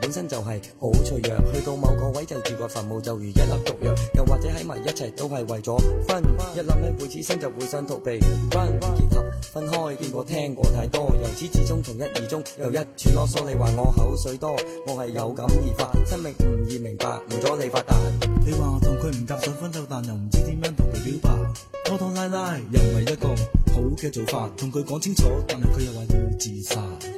本身就係好脆弱，去到某個位就自掘墳墓，就如一粒毒藥。又或者喺埋一齊都係為咗分，One, 一諗起彼此身就會想逃避。分 One, Run, 結合，分開，見過聽過太多，由始至終從一而終 One, 又一串囉嗦。你話我口水多，我係有感而發，生命唔易明白，唔阻你發達。你話我同佢唔夾想分手，但又唔知點樣同佢表白，拖拖拉拉又唔係一個好嘅做法。同佢講清楚，但係佢又話要自殺。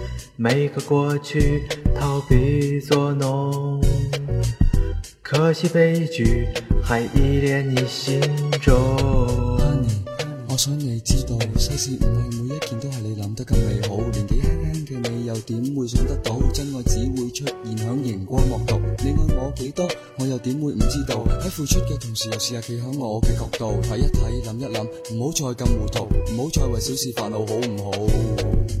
每個過去逃避作弄，可惜悲劇還依戀你心中 Honey，我想你知道，世事唔係每一件都係你諗得咁美好。年紀輕輕嘅你又點會想得到？真愛只會出現響熒光幕度。你愛我幾多，我又點會唔知道？喺付出嘅同時，又試下企響我嘅角度睇一睇，諗一諗，唔好再咁糊塗，唔好再為小事煩惱，好唔好？